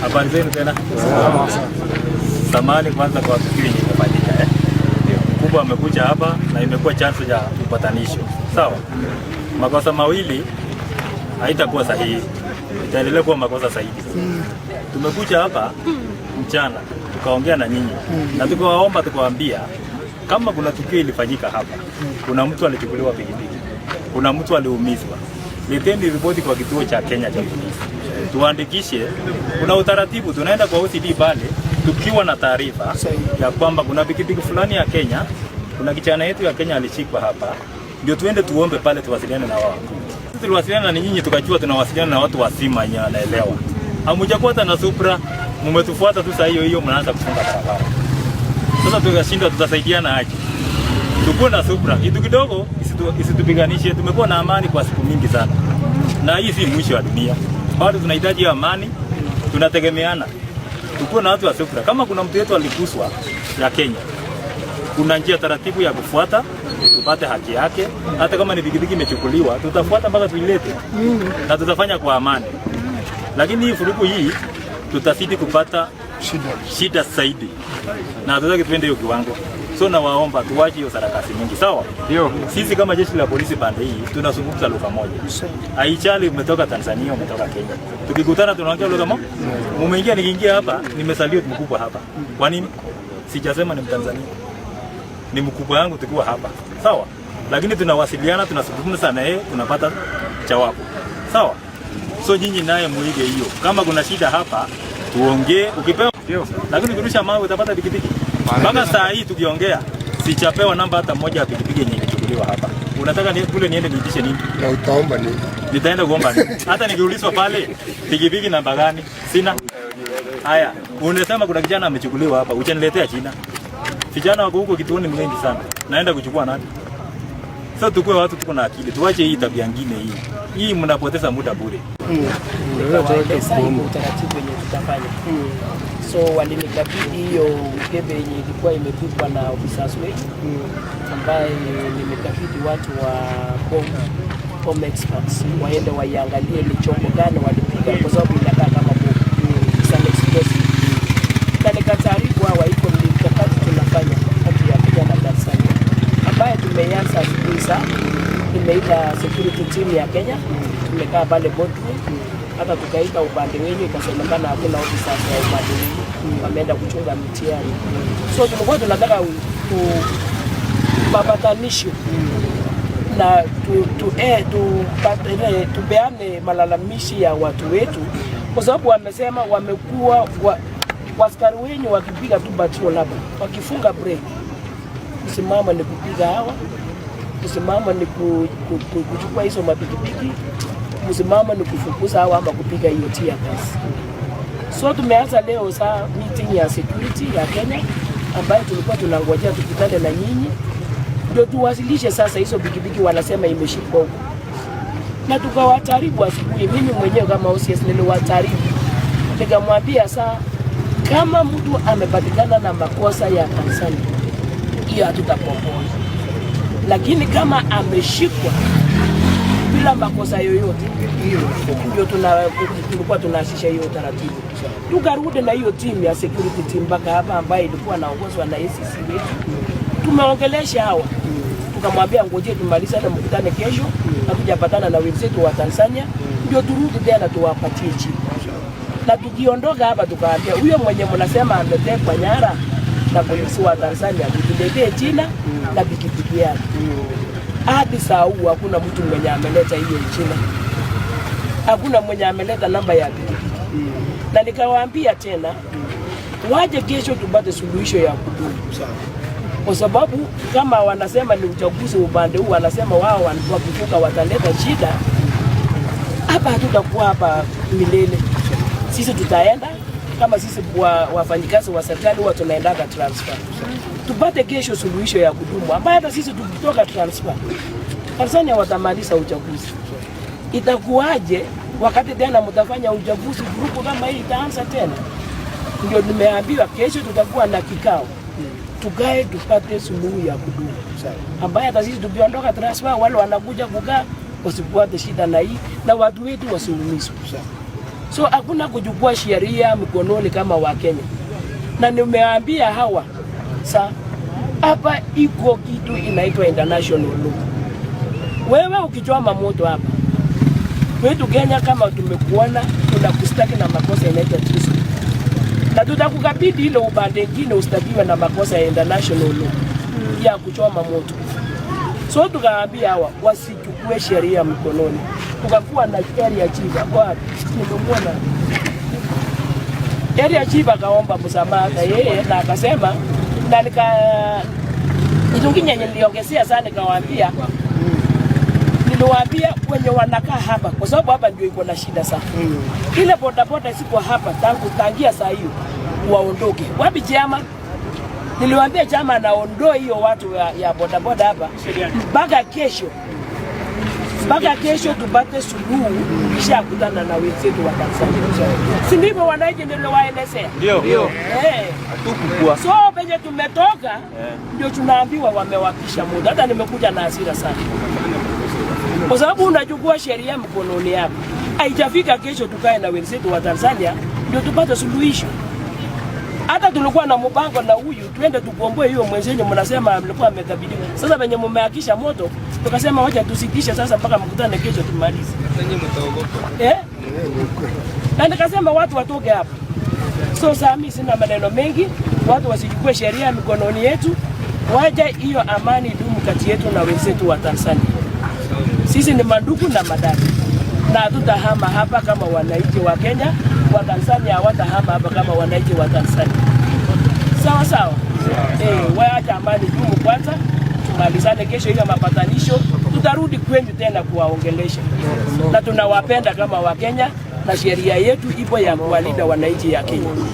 Habari zenu tena. Samahani kwanza kwa tukio hili limefanyika eh. Mkubwa amekuja hapa na imekuwa chanzo cha upatanisho. Sawa. Makosa mawili haitakuwa sahihi, itaendelea kuwa makosa zaidi Tumekuja hapa mchana tukaongea na nyinyi na tukawaomba, tukawaambia kama kuna tukio ilifanyika hapa, kuna mtu alichukuliwa pikipiki, kuna mtu aliumizwa, leteni ripoti kwa kituo cha Kenya cha polisi tuandikishe. Kuna utaratibu, tunaenda kwa OCD pale tukiwa na taarifa ya kwamba kuna pikipiki fulani ya Kenya, kuna kijana yetu ya Kenya alishikwa hapa, ndio tuende tuombe pale, tuwasiliane na wao. Sisi tuliwasiliana na nyinyi, tukajua tunawasiliana na watu wazima wenye wanaelewa. Hamjakuwa hata na supra, mmetufuata tu saa hiyo hiyo, mnaanza kufunga barabara. Sasa tukashinda, tutasaidiana aje? Tukuwe na supra kitu kidogo isitupiganishe. Tumekuwa na amani kwa siku mingi sana, na hii si mwisho wa dunia bado tunahitaji amani, tunategemeana, tukuwe na watu wa subira. Kama kuna mtu yetu aliguswa ya Kenya, kuna njia taratibu ya kufuata tupate haki yake. Hata kama ni pikipiki imechukuliwa, tutafuata mpaka tuilete na tutafanya kwa amani, lakini hii furuku hii tutazidi kupata shida zaidi na tutaki tuende hiyo kiwango. So nawaomba tuwache hiyo sarakasi mingi, sawa? Ndio. Sisi kama jeshi la polisi bande hii tunazungumza lugha moja. Haichali umetoka Tanzania, umetoka Kenya. Tukikutana tunaongea lugha moja. Mumeingia, nikiingia hapa nimesalia mkubwa hapa. Kwa nini? Sijasema ni Mtanzania. Ni mkubwa yangu tukiwa hapa. Sawa? Lakini tunawasiliana, tunazungumza na yeye, eh, tunapata jawabu. Sawa? So nyinyi naye muige hiyo. Kama kuna shida hapa tuongee, ukipewa. Ndio. Lakini kurusha mawe utapata dikidiki. Mpaka saa hii tukiongea sichapewa namba hata moja ya pikipiki yenye ilichukuliwa hapa. Unataka ni kule niende niitishe nini? Na utaomba nini? Nitaenda kuomba nini? Hata nikiulizwa pale pikipiki namba gani? Sina. Haya, unasema kuna kijana amechukuliwa hapa, uchaniletea jina. Vijana wako huko kituoni mwengi sana. Naenda kuchukua nani? Sasa so, tukue watu tuko na akili, tuache hii tabia nyingine hii hii, mnapoteza muda bure. Utaratibu wenye tutafanya so walinikabidhi hiyo mkebe yenye ilikuwa imepigwa na ofisa Sway ambaye nimekabidhi watu wa bomb experts waende waiangalie ni chombo gani walipiga, kwa sababu inakaa kama na nikataarifu hawa iko ni mikakati tunafanya kati ya Kenya na Tanzania ambaye tumeanza kabisa. imeita security team ya Kenya, tumekaa pale boardroom, hata tukaita upande wenyu, ikasemekana hakuna ofisa ya upande wenyu, wameenda kuchunga mtihani. So tumekuwa tunataka tupapatanishe na tu, tu, eh, tu, eh, tu malalamishi ya watu wetu, kwa sababu wamesema wamekuwa wa, waskari wenyu wakipiga tu batio, labda wakifunga break, msimamo ni kupiga hawa kusimama ni kuchukua hizo mapikipiki, kusimama ni kufukuza au ama kupiga hiyo tia gasi. So tumeanza leo saa meeting ya security ya Kenya ambayo tulikuwa tunangojea tukutane na nyinyi ndio tuwasilishe sasa hizo pikipiki, wanasema imeshikwa huko, na tukawataribu asubuhi. Mimi mwenyewe kama OCS niliwataribu nikamwambia, saa kama mtu amepatikana na makosa ya kanisani, hiyo hatutakomboa lakini kama ameshikwa bila makosa yoyote, ndio tulikuwa tunaasisha hiyo taratibu, tukarudi na hiyo timu ya security team mpaka hapa, ambayo ilikuwa naongozwa na ACC wetu. Tumeongelesha hawa, tukamwambia ngoje tumalize na mkutane kesho, hatujapatana na wenzetu wa Tanzania ndio turudi tena tuwapatie chini, na tukiondoka hapa tukaambia huyo mwenye mnasema ametekwa nyara na polisi wa Tanzania, tutuletee jina na pikipiki peke yake hadi saa huu hakuna mtu mwenye ameleta hiyo jina, hakuna mwenye ameleta namba ya pikipiki mm. na nikawaambia tena mm. waje kesho tupate suluhisho ya kudumu, kwa sababu kama wanasema ni uchaguzi upande huu, wanasema wao wakivuka wataleta shida hapa, hatutakuwa hapa milele. Sisi tutaenda kama sisi wafanyikazi wa serikali huwa tunaendaga transfer tupate kesho suluhisho ya kudumu ambayo hata sisi tukitoka transfer Tanzania watamaliza uchaguzi. Itakuwaje wakati tena mtafanya uchaguzi vurugu kama hii itaanza tena? Ndio nimeambiwa kesho tutakuwa na kikao tukae tupate suluhu ya kudumu ambayo hata sisi tukiondoka transfer, wale wanakuja kukaa wasipate shida na hii na watu wetu wasiumizwe. So hakuna kuchukua sheria mikononi kama Wakenya, na nimeambia hawa Sa hapa iko kitu inaitwa international law. Wewe ukichoma moto hapa kwetu Kenya, kama tumekuona tunakustaki na makosa inaitwa treason, na tutakukabidi ile upande ngine ustakiwe na makosa ya international law ya kuchoma moto. So tukaambia hawa wasichukue sheria mkononi, tukakuwa na area chief kwa nimemwona area chief akaomba msamaha yeye na akasema na nika itungine niliongezea sana, nikawaambia niliwaambia wenye wanakaa hapa, kwa sababu hapa ndio iko na shida sana. Ile bodaboda isiko hapa tangu tangia saa hiyo, waondoke wapi? Chama niliwaambia chama naondoe hiyo watu ya, ya bodaboda hapa mpaka kesho mpaka kesho tupate suluhu kisha kutana na wenzetu wa Tanzania, si ndivyo? Wananchi ndio waelezea ndio eh. so penye tumetoka ndio tunaambiwa wamewapisha muda. Hata nimekuja na hasira sana, kwa sababu unachukua sheria mkononi yako, haijafika kesho tukae na wenzetu wa Tanzania ndio tupate suluhisho. Hata tulikuwa na mpango na huyu tuende tukomboe hiyo mwenzenye mnasema mlikuwa amekabidhiwa. Sasa venye mumeakisha moto, tukasema wacha tusitishe sasa mpaka mkutane kesho tumalize. Eh? Na nikasema watu watoke hapa. So saa mimi sina maneno mengi, watu wasichukue sheria mikononi yetu, waje hiyo amani dumu kati yetu na wenzetu wa Tanzania. Sisi ni mandugu na madada, na tutahama hapa kama wananchi wa Kenya wa Tanzania hawatahama hapa kama wananchi wa Tanzania. Sawa sawa, eh, waacha amani dumu kwanza, tumalizane kesho ile mapatanisho, tutarudi kwenu tena kuwaongelesha, na tunawapenda kama Wakenya na sheria yetu ipo ya kuwalinda wananchi ya Kenya.